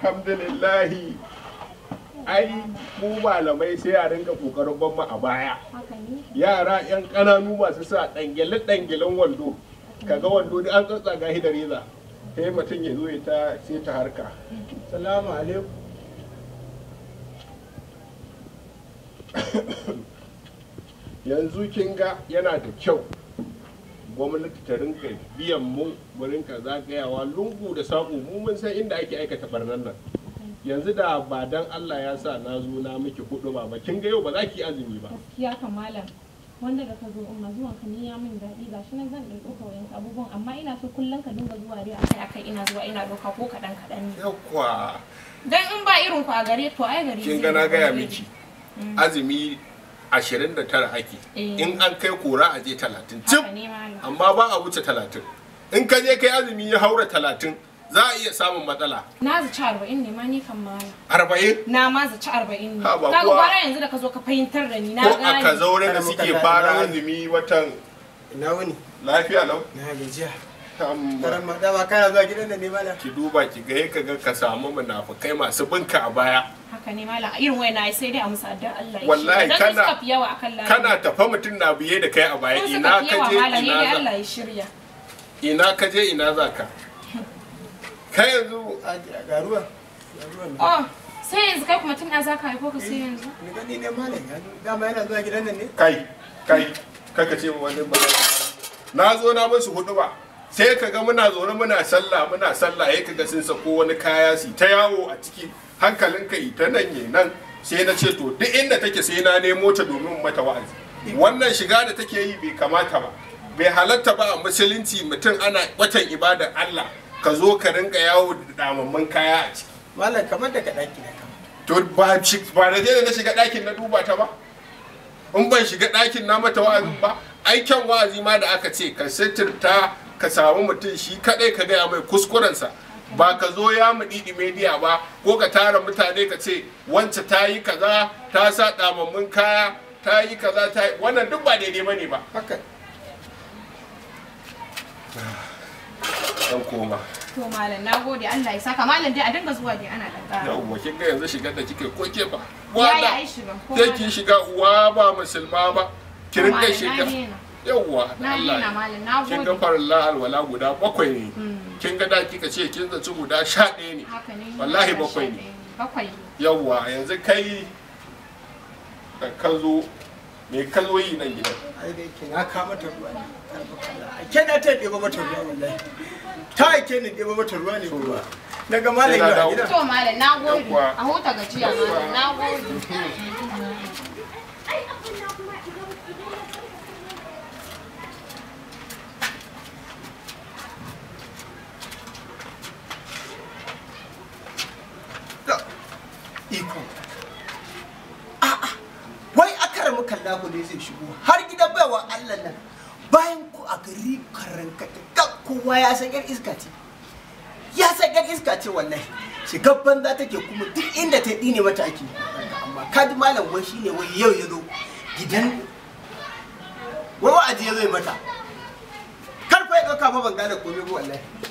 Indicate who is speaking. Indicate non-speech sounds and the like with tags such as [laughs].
Speaker 1: alhamdulillahi ai mu malamai sai a rinka kokarin ban a baya yara yan kananu masu sa dangele dangelen wando kaga wando da an tsatsa ga da reza sai mutum ya zo ya ta sai ta harka salamu alaikum [coughs] yanzu kin ga yana da kyau gwamnati ta rinka biyan mu za ka zagayawa lungu da saƙo mu mun san inda ake aikata barnan nan yanzu da ba dan Allah ya sa na zo na miki kudu ba ba kin ga yau ba za ki azumi ba gaskiya kamala wanda da ka zo umma zuwan ka ni ya min daɗi ga shi nan zan ɗan ɗauka wayan abubuwan amma ina so kullum ka dinga zuwa dai akai akai ina zuwa ina ɗauka ko kaɗan kaɗan ne yakwa dan in ba irin ku a gare to ai gare kin ga na gaya miki mm. azumi ashirin da tara ake eh. in an kai kora a je talatin cif amma ba a wuce talatin in ka je kai azumi ya haura talatin za a iya samun matsala na zaci arba'in ne ma ni kan mala arba'in. na ma zaci arba'in ne ka ga gwara yanzu da ka zo ka fahimtar da ni na gane ko a ka zaure da suke fara azumi watan na wani lafiya lau na gajiya Karama dama kana zuwa gidan da ne mala. Ki duba ki ga ka ga ka samu munafukai masu binka a baya. Haka ne mala a irin wayna sai dai a musu addu'a Allah ya Wallahi kana kana tafa mutum na biye da kai a baya ina ka je ina za. Allah ya shirya. Ina ka je ina za ka. Kai yanzu ga ruwa. Oh sai yanzu kai kuma tun da za ka haifo ka sai yanzu. Ni gani ne malam dama yana zuwa gidan nan ne. Kai kai kaka ce wani ba. Na zo na su hudu ba. sai ka ga muna zaune muna sallah muna sallah ya kaga sun sako wani kaya su ta yawo a ciki hankalinka ita nan ne nan sai na ce to duk inda take sai na nemo ta domin mata wa'azi wannan shiga da take yi bai kamata ba bai halatta ba a musulunci mutum ana watan ibadar Allah ka zo ka rinka yawo da damammun kaya a ciki mallam kamar daga daki na kama to ba ba da dai na shiga dakin na duba ta ba in ban shiga dakin na mata wa'azi ba aikin wa'azi ma da aka ce ka sitirta ka samu mutum shi kadai ka gaya mai kuskurensa ba ka zo ya muɗiɗi media ba ko ka tara mutane ka ce wance ta yi kaza ta sa damammun kaya ta yi kaza ta yi wannan duk ba daidai ba ne ba haka ɗan koma to malam na gode Allah ya saka malam dai a dinga zuwa dai ana ɗan yawwa kin ga yanzu shigar da kike ko ke ba wala sai kin shiga uwa ba musulma ba Kirin rinka shiga yawwa Allah kin ga farilla wala guda bakwai ne hmm. kin ga da kika ce kin zaci guda sha ɗaya ne wallahi bakwai ne yawwa yanzu kai da ka zo me ka yi nan gidan ai da yake na ka mata ruwa ne ke na ta ɗeba mata ruwa wallahi ta ake ni ɗeba mata ruwa ne ruwa daga malam ya gida to malam nagode a huta gajiya malam nagode [laughs] ku ne zai shigo har gidan baiwa Allah nan bayan ku a gari karankata ga kowa ya san yar iska ce ya san yar iska ce wallahi shigar banza take kuma duk inda ta dine mata ake amma kadi malam wai shine wai yau ya zo gidan wai wa'azi ya zo mata fa ya dauka ba ban gane komai ba wallahi